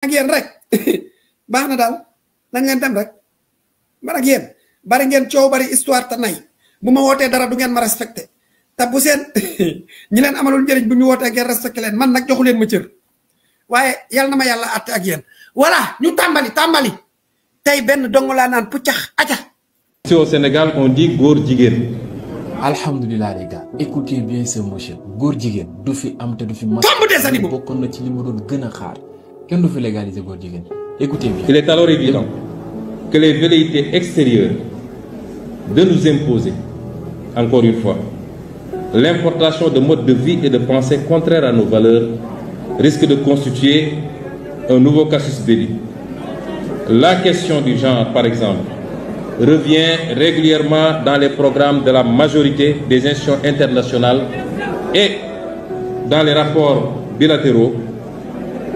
ak rek bah na daal nañ dem rek man ak yeen bari ngeen ciow bari histoire ta nay bu ma wootee dara du ngeen ma respecté ta bu sen ñi leen amalul njëriñ bu ñu wote ngeen respecté leen man nak joxu leen ma cër waye yalla nama yalla att ak yeen wala ñu tambali tambali tay ben dong la nan puccax aja ci au Sénégal on dit gor jigen alhamdulillah les gars écoutez bien ce monsieur gor jigen du fi am te du fi ma tambu des animaux bokon na ci limu doon gëna xaar Quand nous fait légaliser pour écoutez bien. il est alors évident que les velléités extérieures de nous imposer encore une fois l'importation de modes de vie et de pensée contraires à nos valeurs risque de constituer un nouveau casus belli. La question du genre, par exemple, revient régulièrement dans les programmes de la majorité des institutions internationales et dans les rapports bilatéraux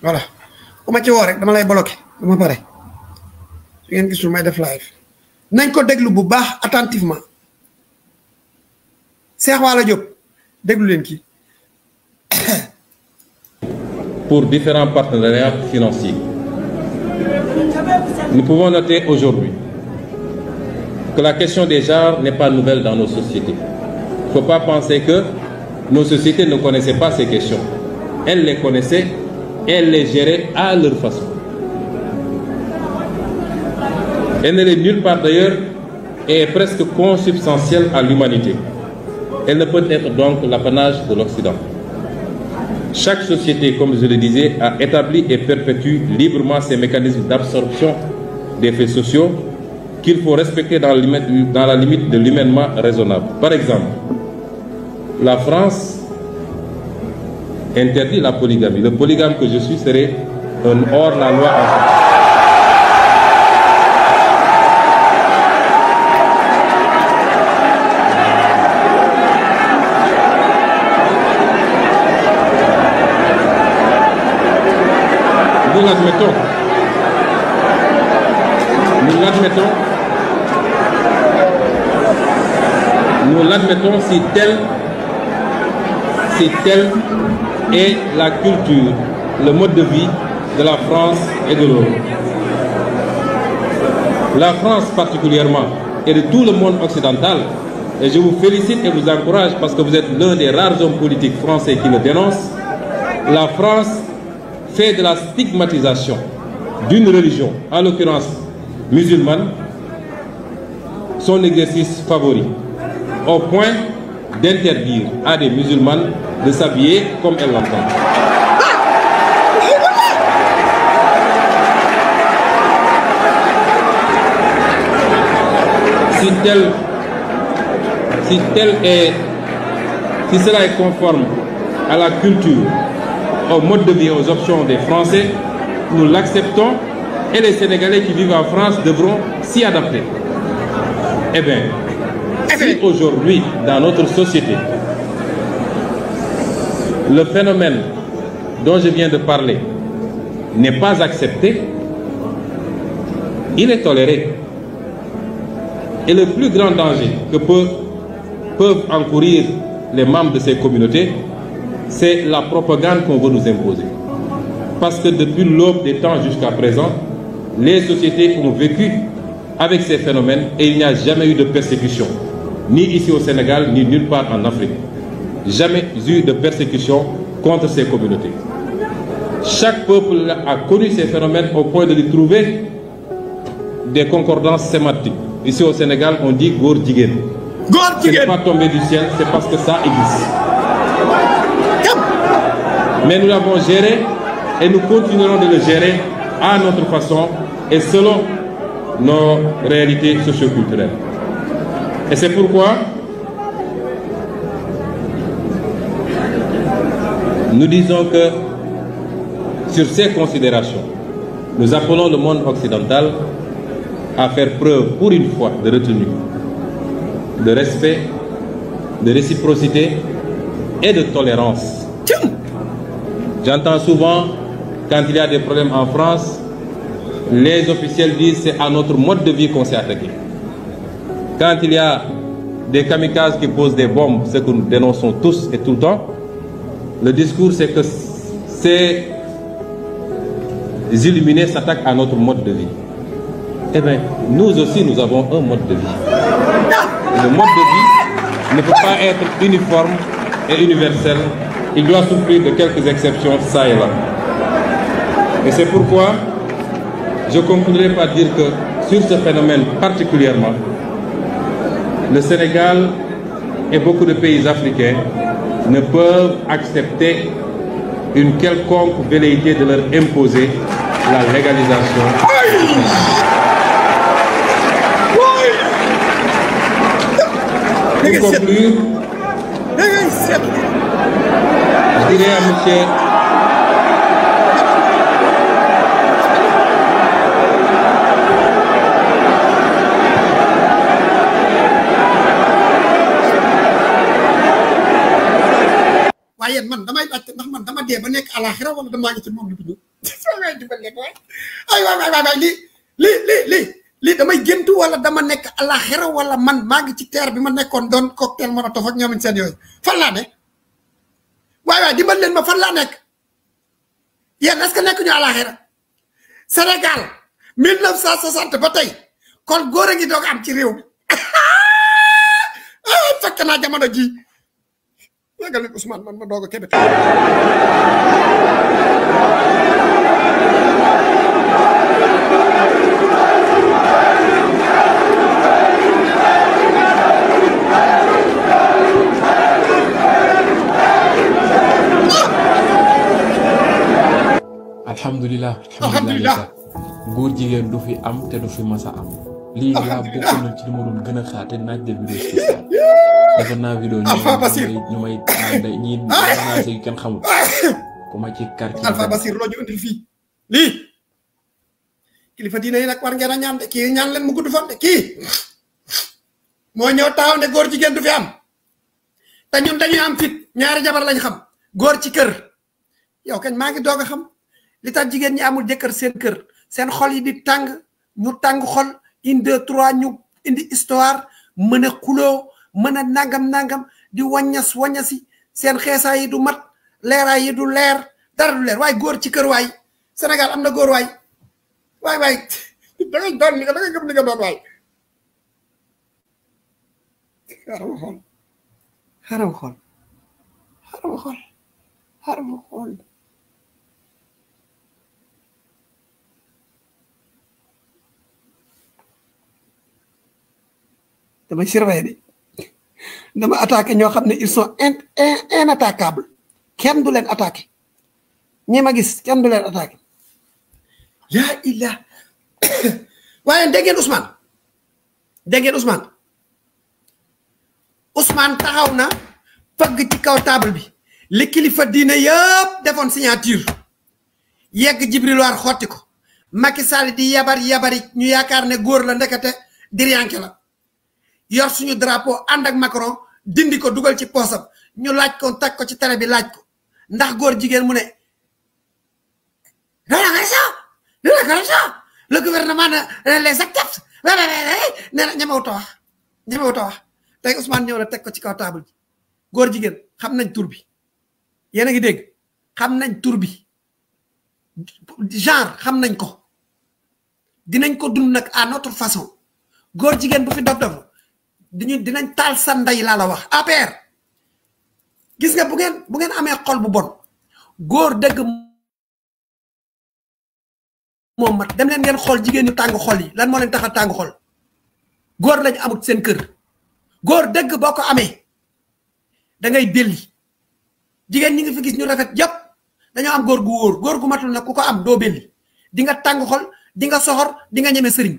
voilà attentivement pour différents partenariats financiers. Nous pouvons noter aujourd'hui que la question des genres n'est pas nouvelle dans nos sociétés. Il ne faut pas penser que nos sociétés ne connaissaient pas ces questions. Elles les connaissaient elle les gérer à leur façon. Elle n'est nulle part d'ailleurs et est presque consubstantielle à l'humanité. Elle ne peut être donc l'apanage de l'Occident. Chaque société, comme je le disais, a établi et perpétue librement ses mécanismes d'absorption des faits sociaux qu'il faut respecter dans, la limite de l'humainement raisonnable. Par exemple, la France interdit la polygamie. Le polygame que je suis serait un hors-la-loi Nous l'admettons. Nous l'admettons. Nous l'admettons si tel, si tel et la culture, le mode de vie de la France et de l'Europe. La France particulièrement et de tout le monde occidental, et je vous félicite et vous encourage parce que vous êtes l'un des rares hommes politiques français qui le dénonce. la France fait de la stigmatisation d'une religion, en l'occurrence musulmane, son exercice favori, au point d'interdire à des musulmanes de s'habiller comme elles l'entendent. Si tel, si tel est, si cela est conforme à la culture, au mode de vie, aux options des Français, nous l'acceptons et les Sénégalais qui vivent en France devront s'y adapter. Eh bien, si aujourd'hui, dans notre société, le phénomène dont je viens de parler n'est pas accepté, il est toléré. Et le plus grand danger que peuvent encourir les membres de ces communautés, c'est la propagande qu'on veut nous imposer. Parce que depuis l'aube des temps jusqu'à présent, les sociétés ont vécu avec ces phénomènes et il n'y a jamais eu de persécution ni ici au Sénégal, ni nulle part en Afrique. Jamais eu de persécution contre ces communautés. Chaque peuple a connu ces phénomènes au point de lui trouver des concordances sématiques. Ici au Sénégal, on dit Gordigen. Ce n'est pas tombé du ciel, c'est parce que ça existe. Mais nous l'avons géré et nous continuerons de le gérer à notre façon et selon nos réalités socioculturelles. Et c'est pourquoi nous disons que sur ces considérations, nous appelons le monde occidental à faire preuve pour une fois de retenue, de respect, de réciprocité et de tolérance. J'entends souvent, quand il y a des problèmes en France, les officiels disent c'est à notre mode de vie qu'on s'est attaqué. Quand il y a des kamikazes qui posent des bombes, ce que nous dénonçons tous et tout le temps, le discours c'est que ces illuminés s'attaquent à notre mode de vie. Eh bien, nous aussi, nous avons un mode de vie. Le mode de vie ne peut pas être uniforme et universel. Il doit souffrir de quelques exceptions, ça et là. Et c'est pourquoi je conclurai par dire que sur ce phénomène particulièrement, le Sénégal et beaucoup de pays africains ne peuvent accepter une quelconque velléité de leur imposer la légalisation. dafa nekk alaxira wala damaa ngi ci moom bi ay waay waay waay li li li li li lii gentu wala dama nekk alaxira wala man magi ngi ci terre bi ma nekkoon doon cocktail molotov ak ñoomin seen yooyu fan laa ne waay waay dimbal leen ma fan laa nekk yéen est-ce que nekk ñu alaxira Sénégal 1960 ba kon ngi am ci réew mi fekk jamono ji قال لك الحمد لله الحمد لله غور جيغن دو في ام تي في مسا ام لي لا بوكو نتي مودون غنا خاتي ناج دي فيديو defoon naa vidéo ñu may ñu may day ñii menaces yu kenn xamul. ku ma ci quartier Alpha Basir loo ñu indil fii lii. kilifa diine yi nag war ngeen a ñaan de kii ñaan leen mu gudd fan de kii. moo ñëw taaw ne góor jigéen du fi am. te ñun dañuy am fit ñaari jabar lañ xam. góor ci kër. yow kañ maa ngi doog a xam. li tax jigéen ñi amul jëkkër seen kër seen xol yi di tàng ñu tàng xol une deux trois ñu indi histoire mën a mën a nangam nangam di wañas wañasi sen xeesaay yi du mat leeraay yi du leer dara du leer way gor ci kër way sénégal amna gor way way way da nga don li nga da ngay gëm nga doon waay xaram xool xaram xool xaram xool xaram xool damay surveiller dama attaquer ño xamné ne ils sont inattaquable in inattaquables kenn du leen attaqué ñi ma gis kenn du len attaquer la ya illah waye dégg Ousmane taxaw na pëgg ci kaw table bi li kilifa dina yëpp defoon signature yegg Jibril War xoti ko makissal di yabar yabari ñu yaakaar ne góor la ndekete diriyanke la yor suñu drapeau ànd ak Macron dindi ko dugal ci poosam ñu laaj ko tag ko ci télé bi laaj ko ndax góor jigéen mu ne non la corruption non la corruption le gouvernement ne les accepte nee na ñemewut a wax ñemewut a wax tey Ousmane ñëw na teg ko ci kaw table ji góor jigéen xam nañ tur bi yéen a ngi dégg xam nañ tur bi genre xam nañ ko dinañ ko dund nag à notre façon góor jigéen bu fi dof dof dañu dinañ tal sa nday la la wax aper gis nga bu ngeen bu ngeen amee xol bu bon góor dëgg moom mat dem leen ngeen xol jigéen ñu tàng xol yi lan moo leen tax a tàng xol góor lañ amut seen kër góor dëgg boo ko amee da ngay belli jigéen ñi nga fi gis ñu rafet yépp dañoo am góor gu wóor góor gu matul nag ku am do belli di nga tàng xol di nga soxor di nga ñeme sëriñ